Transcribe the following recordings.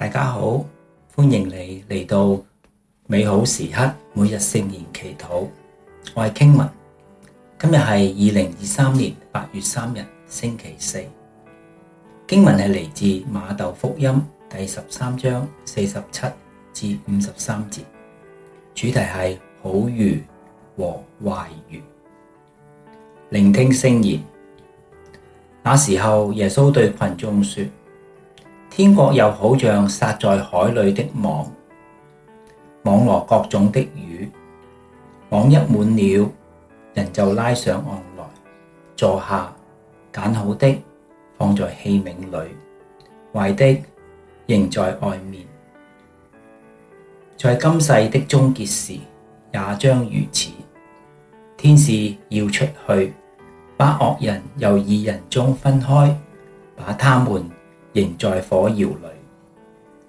大家好，歡迎你嚟到美好時刻每日聖言祈禱，我係慶文。今日係二零二三年八月三日星期四，經文係嚟自馬竇福音第十三章四十七至五十三節，主題係好魚和壞魚。聆聽聖言。那時候耶穌對群眾說。天國又好像撒在海裡的網，網羅各種的魚，網一滿了，人就拉上岸來，坐下，揀好的，放在器皿裡，壞的扔在外面。在今世的終結時，也將如此。天使要出去，把惡人由義人中分開，把他們。仍在火窯裡，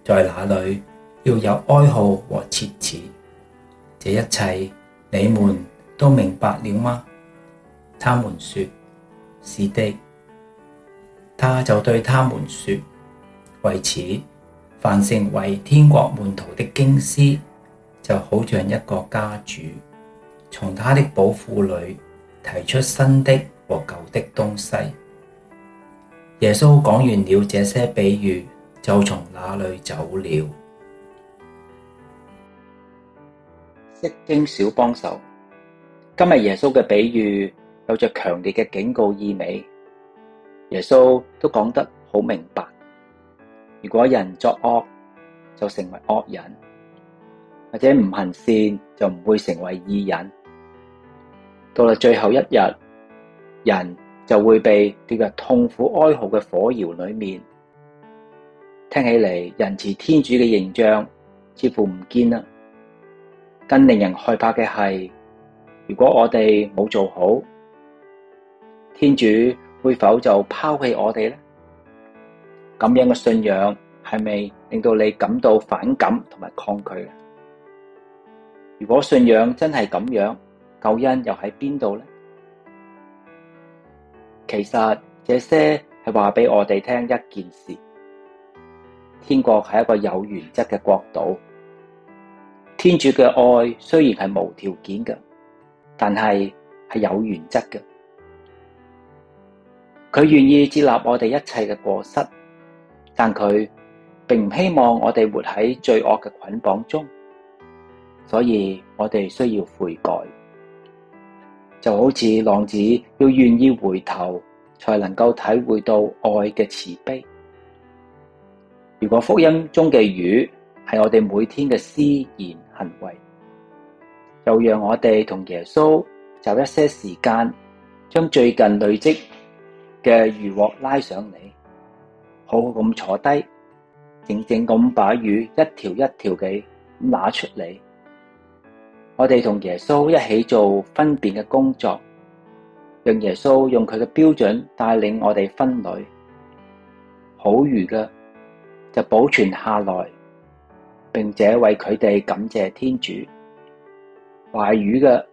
在那裡要有哀號和切齒。這一切你們都明白了嗎？他們說：是的。他就對他們說：為此，凡成為天國門徒的經師，就好像一個家主，從他的寶庫裡提出新的和舊的東西。耶穌講完了這些比喻，就從那裡走了。就會被跌入痛苦哀嚎嘅火窑裏面，聽起嚟仁慈天主嘅形象似乎唔見啦。更令人害怕嘅係，如果我哋冇做好，天主會否就拋棄我哋呢？咁樣嘅信仰係咪令到你感到反感同埋抗拒？如果信仰真係咁樣，救恩又喺邊度咧？其實這些係話俾我哋聽一件事：天國係一個有原則嘅國度。天主嘅愛雖然係無條件嘅，但係係有原則嘅。佢願意接納我哋一切嘅過失，但佢並唔希望我哋活喺罪惡嘅捆綁中。所以我哋需要悔改。就好似浪子要願意回頭，才能夠體會到愛嘅慈悲。如果福音中嘅魚係我哋每天嘅思言行為，就讓我哋同耶穌就一些時間，將最近累積嘅漁獲拉上嚟，好好咁坐低，靜靜咁把魚一條一條嘅拿出嚟。我哋同耶穌一起做分辨嘅工作，讓耶穌用佢嘅標準帶領我哋分類，好魚嘅，就保存下來，並且為佢哋感謝天主。壞魚嘅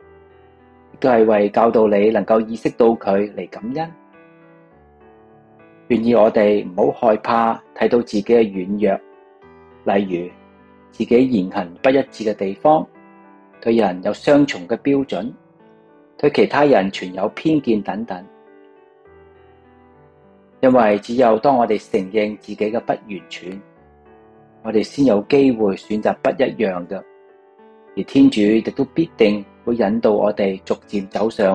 都係為教導你能夠意識到佢嚟感恩，願意我哋唔好害怕睇到自己嘅軟弱，例如自己言行不一致嘅地方。對人有雙重嘅標準，對其他人存有偏見等等。因為只有當我哋承認自己嘅不完全，我哋先有機會選擇不一樣嘅。而天主亦都必定會引導我哋逐漸走上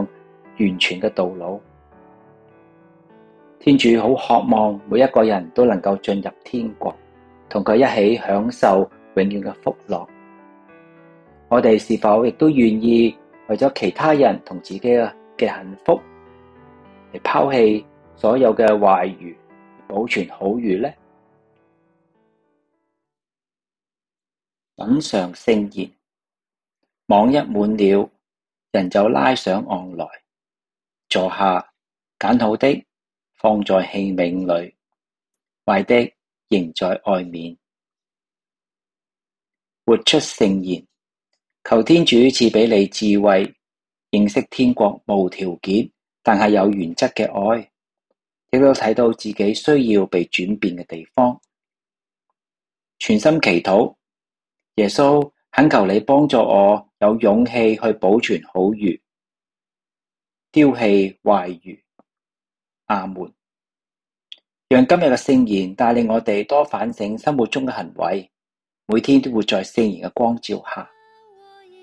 完全嘅道路。天主好渴望每一個人都能夠進入天國，同佢一起享受永遠嘅福樂。我哋是否亦都願意為咗其他人同自己嘅幸福，嚟拋棄所有嘅壞魚，保存好魚呢？品嚐聖言，網一滿了，人就拉上岸來，坐下，揀好的，放在器皿裏，壞的，扔在外面，活出聖言。求天主賜俾你智慧，認識天國無條件但係有原則嘅愛，亦都睇到自己需要被轉變嘅地方。全心祈禱，耶穌懇求你幫助我有勇氣去保存好魚，丟棄壞魚。阿門。讓今日嘅聖言帶領我哋多反省生活中嘅行為，每天都活在聖言嘅光照下。